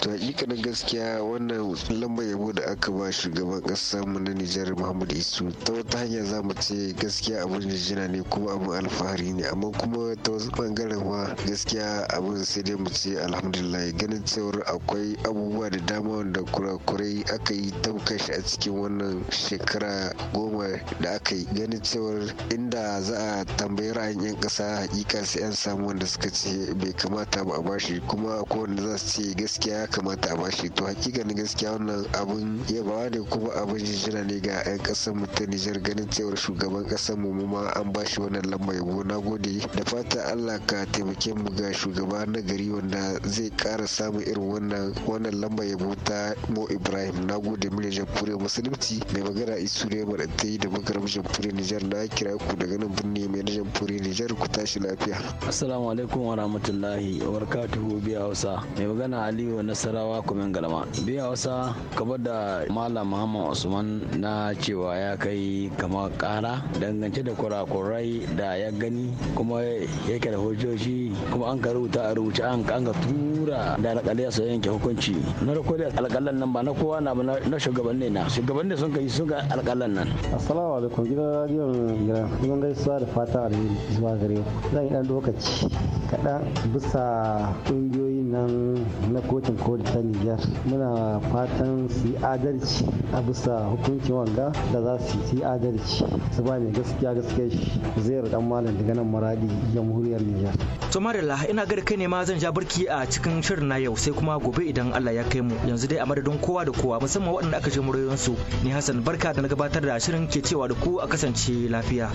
to hakikanin gaskiya wannan lambar yabo da aka ba shugaban ƙasar mu na Nijar Muhammadu Isu ta wata hanya za mu ce gaskiya abun jijina ne kuma abu alfahari ne amma kuma ta wasu bangaren ma gaskiya abin sai dai mu ce alhamdulillah ganin cewar akwai abubuwa da dama wanda kurakurai aka yi tabkashi a cikin wannan shekara goma da aka yi ganin cewar inda za a tambayi ra'ayin 'yan kasa hakika sai an samu wanda suka ce bai kamata ba a bashi kuma ko wanda za su ce gaskiya ya kamata a bashi to hakika na gaskiya wannan abun yabawa ne kuma abin jinjina ne ga 'yan kasan mu ta Nijar ganin cewar shugaban kasan mu ma an bashi wannan lamba yabo na gode da fata Allah ka taimake mu ga shugaba na gari wanda zai kara samun irin wannan wannan lamba yabo ta Mo Ibrahim na gode mu Nijar Kure Musulunci mai magana a isu ne mara ta yi da magaram jamhuriyar nijar na kira ku daga nan birni mai na jamfuri nijar ku tashi lafiya
assalamu alaikum wa rahmatullahi wa barakatuhu biya hausa mai magana aliyu nasarawa kuma galama biya hausa kamar da malam muhammad usman na cewa ya kai kama kara dangance da kurakurai da ya gani kuma yake da hujjoji kuma an ka rubuta a rubuce an ka tura tura da alƙalai su yanke hukunci na rako da alƙalan nan ba na kowa na ba na shugabanni na shugabanni sun kai sun ga alƙalan nan
assalamu alaikum gidan radio gidan mun gaisuwa da fata alheri zuwa gare ku zan yi dan lokaci kaɗan bisa ƙungiyoyi nan na kotun koli ta niger muna fatan su yi adalci a bisa hukuncin wanga da za su yi adalci su ba mai gaskiya gaskiya shi zai dan malam daga nan maradi jamhuriyar niger
to marilla ina gari kai ne ma zan ja barki a cikin shirin na yau sai kuma gobe idan allah ya kai mu yanzu dai a madadin kowa da kowa musamman waɗanda aka je muryoyinsu ni hassan barka da na gabatar da shirin ke cewa da ku a kasance lafiya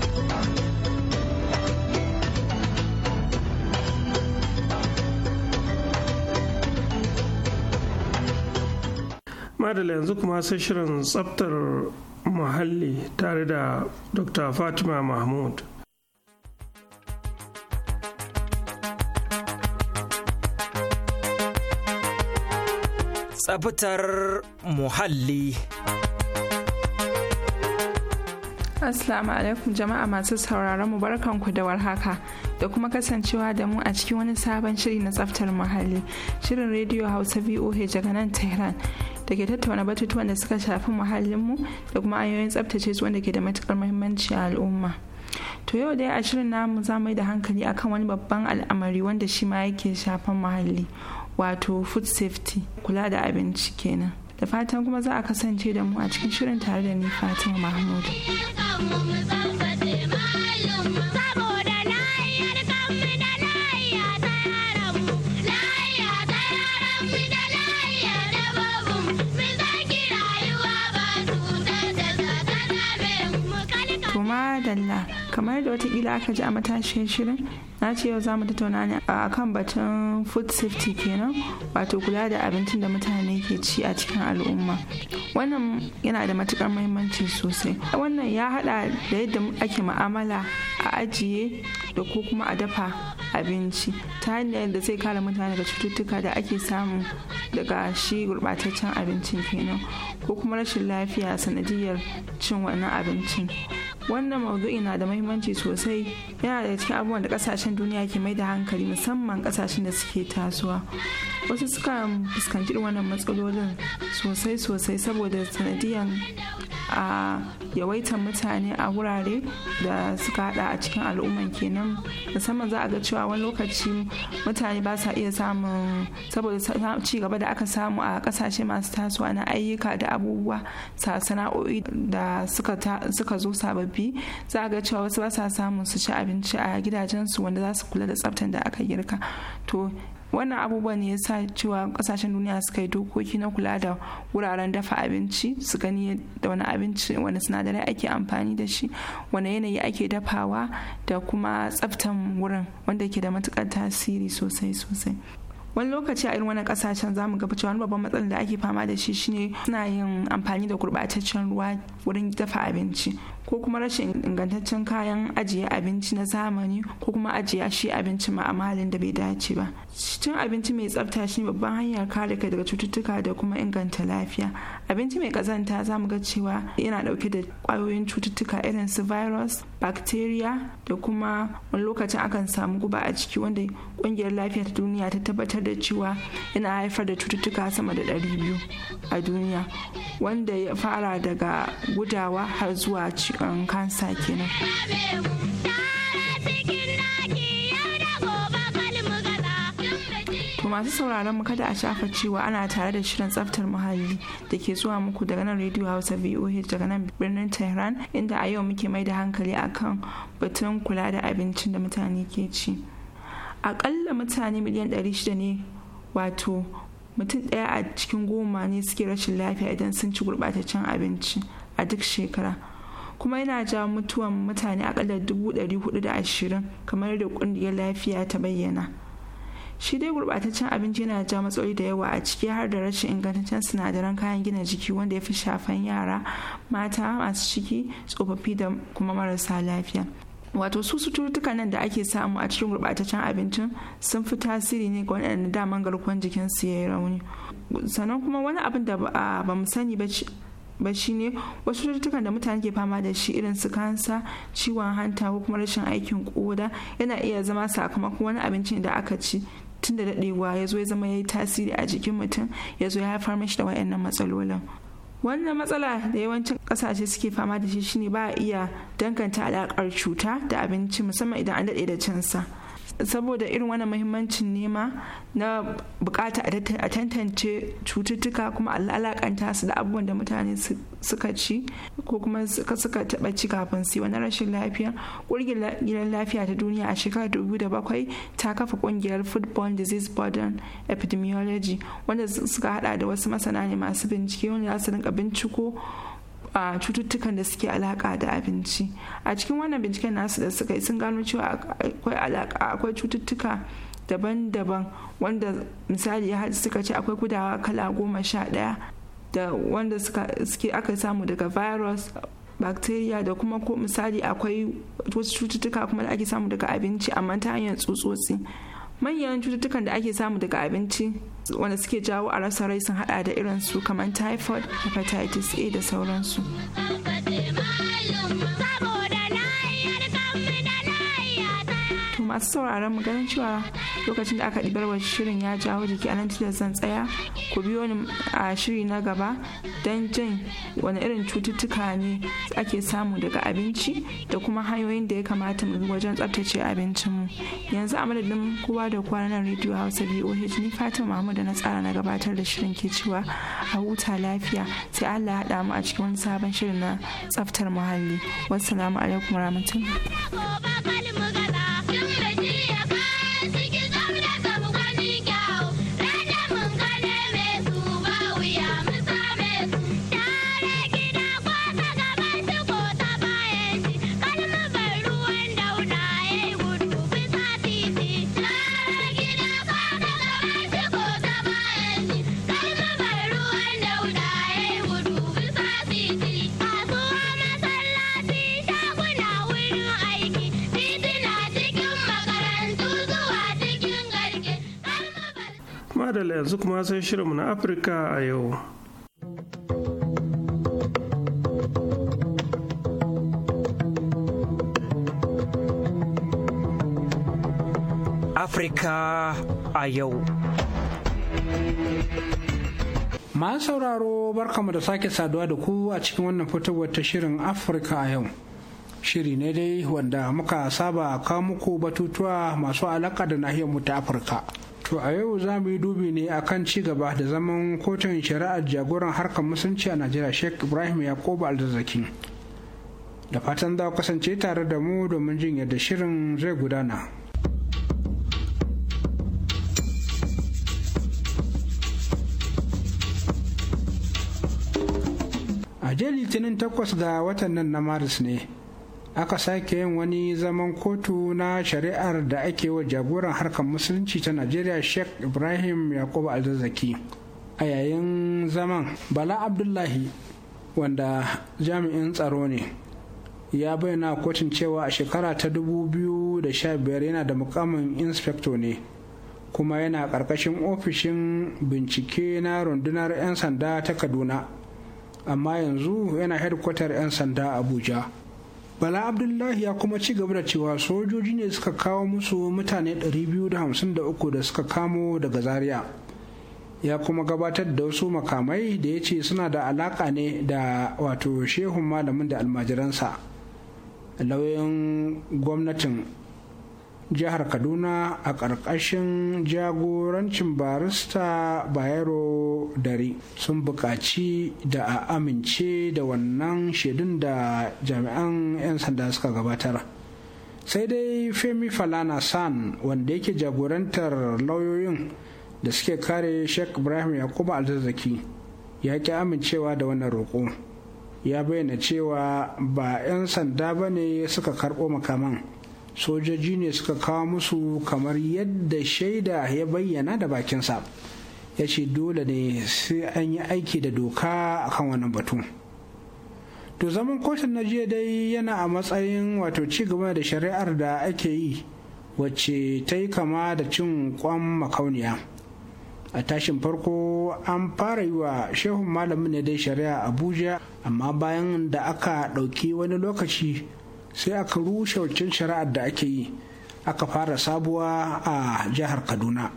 madala yanzu kuma sai shirin tsaftar muhalli tare da dr fatima mahmud
tsaftar muhalli
Assalamu alaikum jama'a masu sauraron mu barkanku da warhaka da kuma kasancewa da mu a cikin wani sabon shiri na tsaftar muhalli shirin rediyo Hausa VOH daga nan Tehran da ke tattauna batutuwan da suka shafi muhallinmu da kuma hanyoyin tsabtace su wanda ke da matukar muhimmanci a al'umma to yau dai a shirin namu za mu yi da hankali akan wani babban al'amari wanda shi ma yake shafan muhalli wato food safety kula da abinci kenan da fatan kuma za a kasance da mu a cikin shirin tare da ni fatima mahmud dalla kamar da watakila aka ji a matashiyar shirin na ce yau za mu tattauna ne a kan batun food safety kenan wato kula da abincin da mutane ke ci a cikin al'umma wannan yana da matukar mahimmanci sosai wannan ya hada da yadda ake ma'amala a ajiye da ko kuma a dafa abinci ta hanyar da zai kare mutane daga cututtuka da ake samu daga shi gurbataccen abincin kenan ko kuma rashin lafiya sanadiyar cin wannan abincin wannan maudu'i na da mahimmanci sosai yana da cikin abubuwan da kasashen duniya ke mai da hankali musamman kasashen da suke tasowa wasu suka fuskanci wannan matsalolin sosai sosai saboda sanadiyan a yawaitar mutane a wurare da suka hada a cikin al'umman kenan musamman za a ga cewa wani lokaci mutane ba sa iya samun saboda ci gaba da aka samu a kasashe masu tasowa na ayyuka da abubuwa sa sana'o'i da suka zo sababbi za a ga cewa wasu ba sa samun su ci abinci a gidajensu wanda za su kula da tsaftan da aka girka to wannan abubuwa ne ya sa cewa kasashen duniya suka yi dokoki na kula da wuraren dafa abinci su gani da wani abinci wani sinadarai ake amfani da shi wani yanayi ake dafawa da kuma tsaftan wurin wanda ke da matukar tasiri sosai sosai wani lokaci a irin wani kasashen zamu ga cewa wani babban matsalar da ake fama da shi shine suna yin amfani da gurbataccen ruwa wurin dafa abinci ko kuma rashin ingantaccen kayan ajiye abinci na zamani ko kuma ajiye shi abinci ma amalin da bai dace ba cin abinci mai tsafta shi babban hanyar kare kai daga cututtuka da kuma inganta lafiya abinci mai kazanta zamu ga cewa yana dauke da kwayoyin cututtuka irin su virus bacteria da kuma wani lokacin akan samu guba a ciki wanda kungiyar lafiya ta duniya ta tabbatar da cewa yana haifar da cututtuka sama da biyu a duniya wanda ya fara daga gudawa har zuwa kan kansa kenan To masu sauraron mu kada a shafa cewa ana tare da shirin tsaftar muhalli da ke zuwa muku daga nan Radio Hausa VOH daga nan birnin Tehran inda a yau muke mai da hankali akan batun kula da abincin da mutane ke ci. Akalla mutane miliyan 600 ne wato mutum ɗaya a cikin goma ne suke rashin lafiya idan sun ci gurɓataccen abinci a duk shekara. kuma yana ja mutuwan mutane akalla dubu ɗari hudu da ashirin kamar da ƙungiyar lafiya ta bayyana shi dai gurbataccen abinci yana ja matsaloli da yawa a ciki har da rashin ingantaccen sinadaran kayan gina jiki wanda ya fi shafan yara mata masu ciki tsofaffi da kuma marasa lafiya wato su suturtukan nan da ake samu a cikin gurbataccen abincin sun fi tasiri ne ga waɗanda daman garkuwan jikinsu ya yi rauni sannan kuma wani abin da ba mu sani ba ba ne wasu cututtukan da mutane ke fama da shi irin su kansa ciwon hanta ko kuma rashin aikin koda yana iya zama sakamakon wani abincin da aka ci tun da daɗewa ya zo ya zama ya yi tasiri a jikin mutum ya zo ya haifar mashi da wayannan matsalolin wannan matsala da yawancin kasashe suke fama da shi shine ba a iya danganta alakar cuta da abinci musamman idan an daɗe da cinsa. saboda irin wani mahimmancin nema na bukata a tantance cututtuka kuma alaƙanta su da abubuwan da mutane suka ci ko kuma suka taɓa ci kafin su wani rashin lafiya ƙungiyar lafiya ta duniya a shekarar 2007 ta kafa ƙungiyar football disease burden epidemiology wanda suka hada da wasu masana ne masu bincike wanda za su rinka binciko A cututtukan da suke alaka da abinci a cikin wannan binciken nasu da suka yi sun gano cewa akwai cututtuka daban-daban wanda misali ya suka ce akwai gudawa kala goma sha ɗaya da wanda suke aka samu daga virus bacteria da kuma ko misali akwai wasu cututtuka kuma da ake samu daga abinci amma ta hanyar tsutsotsi manyan cututtukan da ake samu daga abinci wanda suke jawo a rasa rai sun hada da irin su kamar typhoid hepatitis a da sauransu masu sauraron mu ganin cewa lokacin da aka ɗibar wa shirin ya jawo jiki anan tilas zan tsaya ku biyo ni a shiri na gaba don jin wani irin cututtuka ne ake samu daga abinci da kuma hanyoyin da ya kamata mu bi wajen tsaftace mu yanzu a madadin kowa da kowa na rediyo hausa boh ni fatima mahmud da na tsara na gabatar da shirin ke cewa a huta lafiya sai allah haɗa mu a cikin wani sabon shirin na tsaftar muhalli salamu alaikum warahmatullahi
madalla yanzu kuma sai shirinmu na afirka a yau
afirka a yau
Ma sauraro barkamu da sake saduwa da ku a cikin wannan fitowar ta shirin Afirka a yau. Shiri ne dai wanda muka saba kawo muku batutuwa masu alaka da nahiyar mu ta Afirka. To a yau za mu yi dubi ne a kan gaba da zaman kotun shari'ar jagoran harkar musulunci a Najeriya Sheikh Ibrahim Yakubu Alzazzaki. Da fatan za kasance tare da mu domin jin yadda shirin zai gudana. A jiya Litinin takwas ga watan nan na Maris ne. aka sake yin wani zaman kotu na shari'ar da ake wa jagoran harkar musulunci ta najeriya sheikh ibrahim yakubu alzazzaki a yayin zaman bala abdullahi wanda jami'in tsaro ne ya bayyana kotun cewa a shekara ta 2015 yana da mukamin inspector ne kuma yana ƙarƙashin ofishin bincike na rundunar 'yan sanda ta kaduna amma yanzu yana hedkwatar 'yan sanda abuja bala abdullahi ya kuma ci gaba da cewa sojoji ne suka kawo musu mutane 253 da suka kamo daga zaria ya kuma gabatar da wasu makamai da ya ce suna da alaka ne da wato shehun malamin da almajiransa lauyan gwamnatin jihar kaduna a ƙarƙashin jagorancin barista bayero dare sun buƙaci da a amince da wannan shaidun da jami'an 'yan sanda suka gabatar sai dai femi falana san wanda yake jagorantar lauyoyin da suke kare sheikh ibrahim yakubu alzazzaki ya ƙi amincewa da wannan roƙo ya bayyana cewa ba 'yan sanda ba ne suka karɓo makaman sojoji ne suka kawo musu kamar yadda shaida ya bayyana da bakinsa ya ce dole ne sai an yi aiki da doka a kan wannan batu to zaman kotun na jiya dai yana a matsayin wato ci gaba da shari'ar da ake yi wacce ta yi kama da cin kwan makauniya a tashin farko an fara yi wa shehun malamin ne dai shari'a abuja amma bayan da aka ɗauki wani lokaci sai aka rushe waccan shari'ar da ake yi aka fara sabuwa a jihar kaduna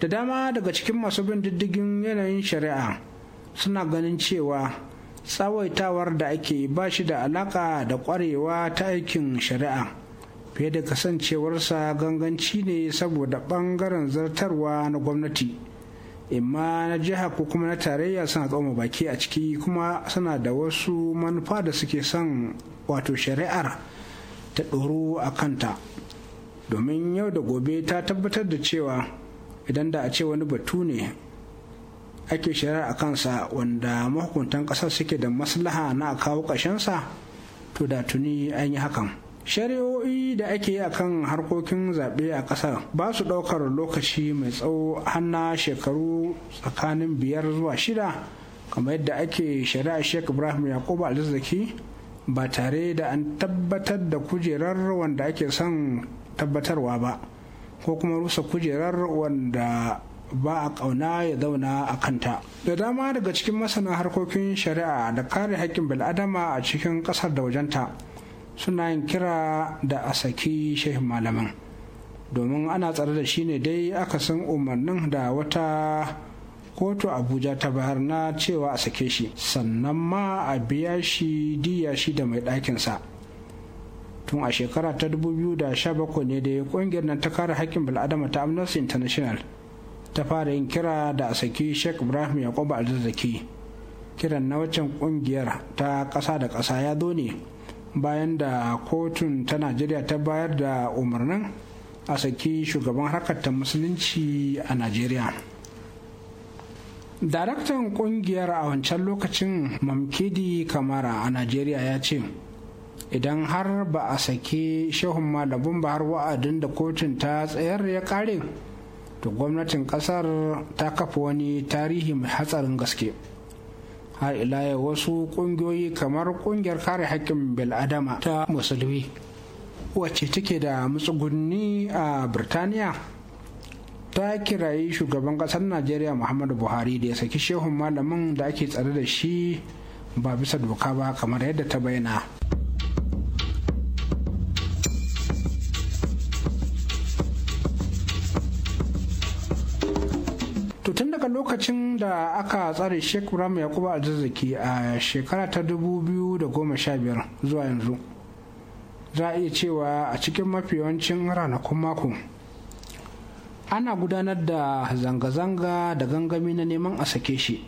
da dama daga cikin masu bin diddigin yanayin shari'a suna ganin cewa tsawaitawar da ake ba shi da alaka da kwarewa ta aikin shari'a fiye da kasancewarsa ganganci ne saboda ɓangaren zartarwa na gwamnati imma na jiha ko kuma na tarayya suna tsoma baki a ciki kuma suna da wasu manufa da suke son wato shari'ar ta ɗoro a kanta domin yau da gobe ta tabbatar da cewa idan da a ce wani batu ne ake shari'ar a kansa wanda mahukuntan ƙasar suke da maslaha na kawo ƙashinsa to da tuni an yi hakan. shari'o'i da ake yi a kan harkokin zaɓe a ƙasar ba su ɗaukar lokaci mai tsawo hanna shekaru tsakanin biyar zuwa shida kamar yadda ake shari'a sheikh ibrahim yakubu alzaki ba tare da an tabbatar da kujerar wanda ake son tabbatarwa ba ko kuma rusa kujerar wanda ba a ƙauna ya zauna a kanta da dama daga cikin masana harkokin shari'a da kare haƙƙin bil'adama a cikin ƙasar da wajenta suna yin kira da a saki shehin malamin domin ana tsare da shi ne dai aka san umarnin da wata kotu abuja ta bayar na cewa a sake shi sannan ma a biya shi diya shi da mai ɗakinsa tun a shekara ta 2017 ne da ƙungiyar nan ta kare haƙƙin bil'adama ta amnesty international ta fara yin kira da a saki sheikh ibrahim yakubu alzazzaki kiran na waccan ƙungiyar ta ƙasa da ƙasa ya zo ne bayan da kotun ta najeriya ta bayar da umarnin a saki shugaban harkar musulunci a najeriya daraktan kungiyar a wancan lokacin mamkidi kamara a najeriya ya ce idan har ba a saki shehun malabun ba har wa'adin da kotun ta tsayar ya kare to gwamnatin kasar ta kafa wani tarihi mai hatsarin gaske. har ila yau wasu ƙungiyoyi kamar ƙungiyar kare haƙƙin bil'adama ta musulmi wacce take da matsugunni a birtaniya ta kirayi shugaban ƙasar najeriya muhammadu buhari da ya saki shehun malamin da ake tsare da shi ba bisa doka ba kamar yadda ta bayyana. lokacin da aka tsare sheikh ibrahim yakubu alzazzaki a shekara ta 2015 zuwa yanzu za a iya cewa a cikin mafi yawancin ranakun mako ana gudanar da zanga-zanga da gangami na neman a sake shi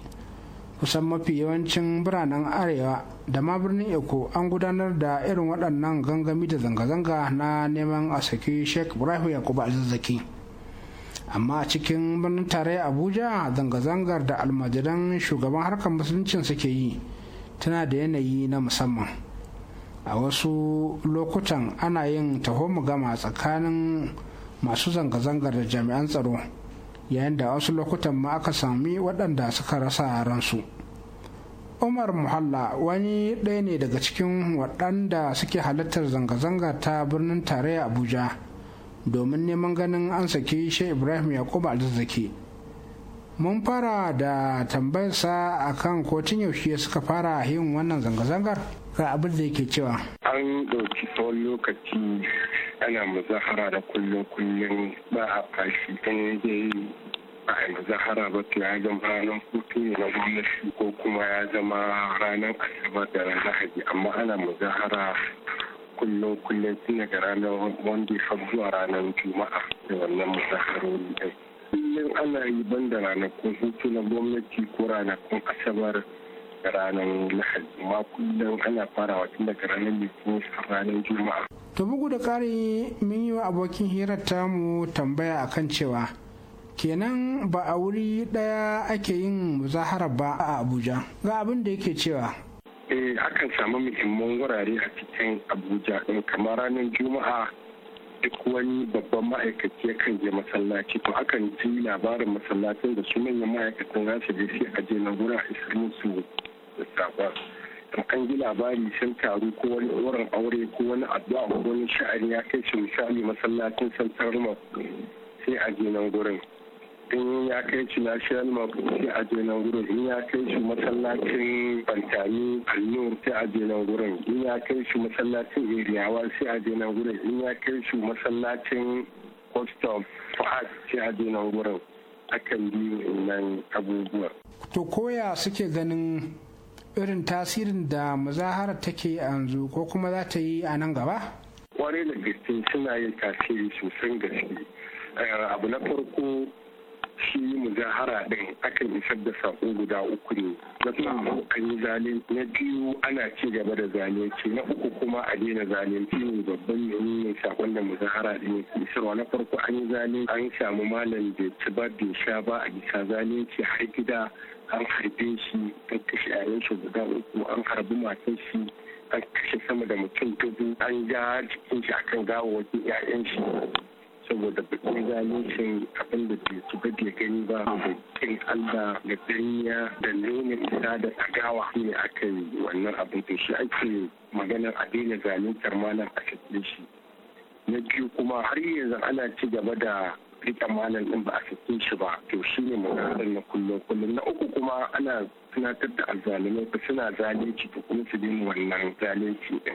kusan mafi yawancin biranen arewa da ma birnin eko an gudanar da irin waɗannan gangami da zanga-zanga na neman a sake sheikh ibrahim yakubu alzazzaki amma a cikin birnin tarayya abuja zanga-zangar da almajiran shugaban harkar musuluncin suke yi tana da yanayi na musamman a wasu lokutan ana yin taho gama tsakanin masu zanga-zangar da jami'an tsaro yayin da wasu lokutan ma aka sami waɗanda suka rasa ransu umar muhalla wani ɗaya ne daga cikin waɗanda suke halittar zanga-zanga ta birnin tarayya abuja domin neman ganin an saki shi ibrahim yakubu alzazzaki mun fara da tambayarsa a kan kotun yaushe suka fara yin wannan zanga-zangar ga abin da yake cewa
an ɗauki tsawon lokaci ana muzahara da kullum kullum ba a fashi in dai ba a muzahara ba ta ya zama ranar hutu na gwamnati ko kuma ya zama ranar asabar da ranar haji amma ana muzahara kullum kullum tun daga ranar wanda ya har zuwa ranar juma'a da wannan musaharori ɗai. kullum ana yi ban banda ranakun hutu na gwamnati ko ranakun asabar da ranar lahadi ma kullum ana farawa tun daga ranar litinin a ranar juma'a.
to bugu da ƙari mun yi wa abokin hirar mu tambaya a kan cewa kenan ba a wuri ɗaya ake yin muzaharar ba a abuja ga abin da yake cewa
eh akan samu muhimman wurare a cikin abuja din kamar ranar juma'a duk wani babban ma'aikaci ya kan je masallaci to akan ji labarin masallacin da su manyan ma'aikatan za su je sai a je na gurin a su da in an ji labari sun taru ko wani wurin aure ko wani addu'a ko wani sha'ani ya kai shi misali masallacin santar sai a je nan gurin in ya kai shi national mabuti a jenan gurin in ya kai shi masallacin bantami allur sai a jenan gurin in ya kai shi masallacin iriyawa sai a jenan gurin in ya kai shi masallacin custom fahad sai a jenan gurin akan biyu nan abubuwa.
to koya suke ganin irin tasirin da muzaharar take yanzu ko kuma za ta yi a nan gaba?
kwarai da gaske suna yin tasiri sosai gaske eh, abu na farko shi muzahara din akan isar da sako guda uku ne na farko an yi zane. na biyu ana ci gaba da zaneci, na uku kuma a daina shi ne babban menene sakon da muzahara din isarwa na farko an yi zane. an samu malam da ci ba da sha ba a bisa ce har gida an harbe shi an kashe yayan shi guda uku an harbi matan shi an kashe sama da mutum dubu an ja jikin shi akan gawo wajen 'ya'yan shi saboda gani sai abin da bai su bai gani ba da kin Allah da ganiya da nuna isa da tsagawa ne aka yi wannan abin da shi ake maganar a daina zaluntar malam a cikin shi na biyu kuma har yanzu ana ci gaba da rika malam din ba a cikin shi ba to shi ne maganar na kullum kullum na uku kuma ana tunatar da azzalumai ba suna zalunci to kuma su daina wannan zalunci din.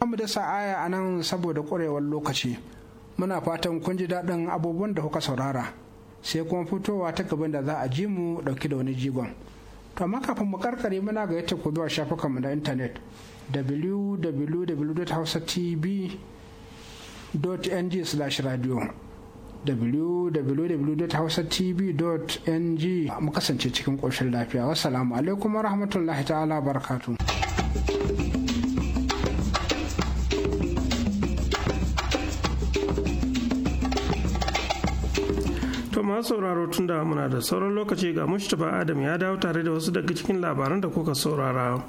Amma da sa'aya a nan saboda ƙwarewar lokaci. muna fatan kun ji daɗin abubuwan da kuka saurara sai kuma fitowa ta gaban da za a ji mu ɗauki da wani jigon to amma kafin mu karkare muna ga yadda ku zuwa shafukanmu na intanet www.hausatv.ng/radio www.hausatv.ng mu kasance cikin ƙoshin lafiya wassalamu alaikum rahmatullahi ta'ala barakatu
masu sauraro tun da muna da sauran lokaci ga Mustapha Adam ya dawo tare da wasu daga cikin labaran da kuka saurara.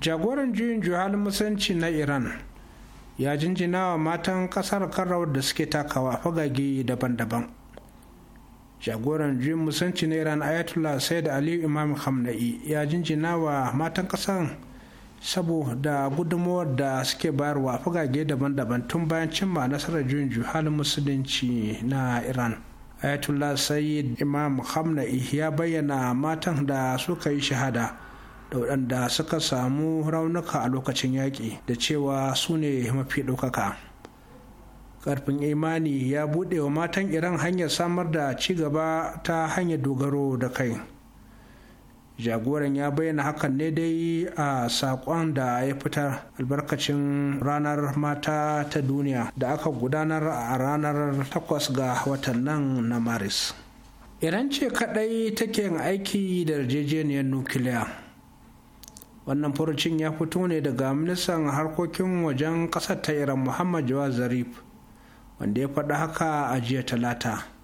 Jagoran juyin juhal
musanci na Iran ya jinjina wa matan kasar karawar da suke takawa fagage daban-daban. Jagoran juyin musanci na Iran Ayatollah Said Aliyu Imam Hamna'i ya jinjina wa matan kasar saboda gudunmawar da suke bayarwa fagage daban-daban tun bayan cimma nasarar juyin juhal musulunci na Iran. ayatollah sayyid imam hamna'i ya bayyana matan da suka yi shahada da waɗanda suka samu raunuka a lokacin yaƙi da cewa su ne mafi ɗaukaka ƙarfin imani ya buɗe wa matan iran hanyar samar da ci gaba ta hanyar dogaro da kai jagoran ya bayyana hakan ne dai a sakon da ya fita albarkacin ranar mata ta duniya da aka gudanar a ranar takwas ga watan nan na maris iran ce kadai take yin aiki da yarjejeniyar nukiliya wannan furucin ya fito ne daga ministan harkokin wajen kasar ta iran muhammad jawad zarif wanda ya faɗi haka a jiya talata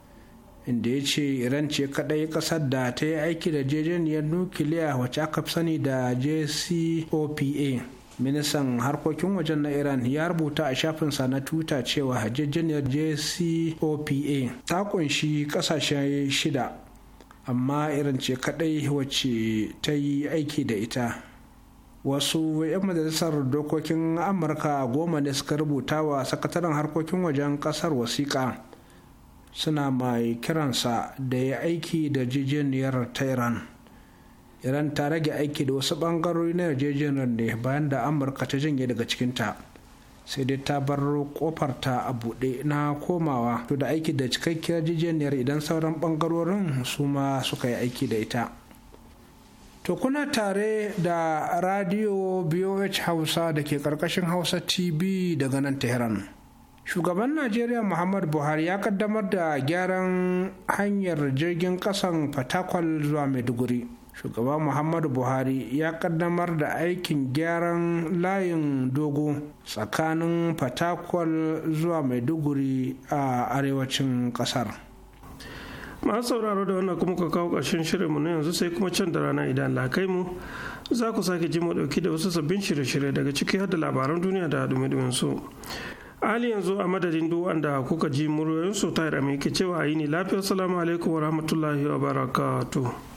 inda ya ce iran ce kadai kasar da ta yi aiki da jejeniyar nukiliya wacce aka sani da jcopa ministan harkokin wajen na iran ya rubuta a shafinsa na twitter cewa jejeniyar jcopa ta kunshi kasashe shida amma iran ce kadai wacce ta yi aiki da ita wasu 'yan majalisar dokokin amurka goma ne suka rubuta wa sakataren harkokin wajen kasar wasiƙa suna mai kiransa da ya aiki da jijiyar ta iran iran ta rage aiki da wasu bangarori na yarjejeniyar ne bayan da amurka ta janye daga cikinta sai dai ta bar kofarta a buɗe na komawa to da aiki da cikakkiyar jijiyar idan sauran bangarorin su ma suka yi aiki da ita to kuna tare da radio boh hausa da ke ƙarƙashin hausa tv daga nan tehran shugaban najeriya muhammadu buhari ya kaddamar da gyaran hanyar jirgin kasan fatakwal zuwa maiduguri shugaban muhammadu buhari ya kaddamar da aikin gyaran layin dogo tsakanin fatakwal zuwa maiduguri a arewacin kasar
masu sauraro da wannan kuma ka kawo ƙarshen shirinmu na yanzu sai kuma can da rana idan lakai mu za ku sake ji mu dauki da wasu sabbin shirye-shirye daga ciki har da labaran duniya da dumi-dumin su hali yanzu a madadin duk wanda kuka ji muryoyinsu ta yi cewa yi ne lafiyar salamu alaikum wa rahmatullahi wa barakatuh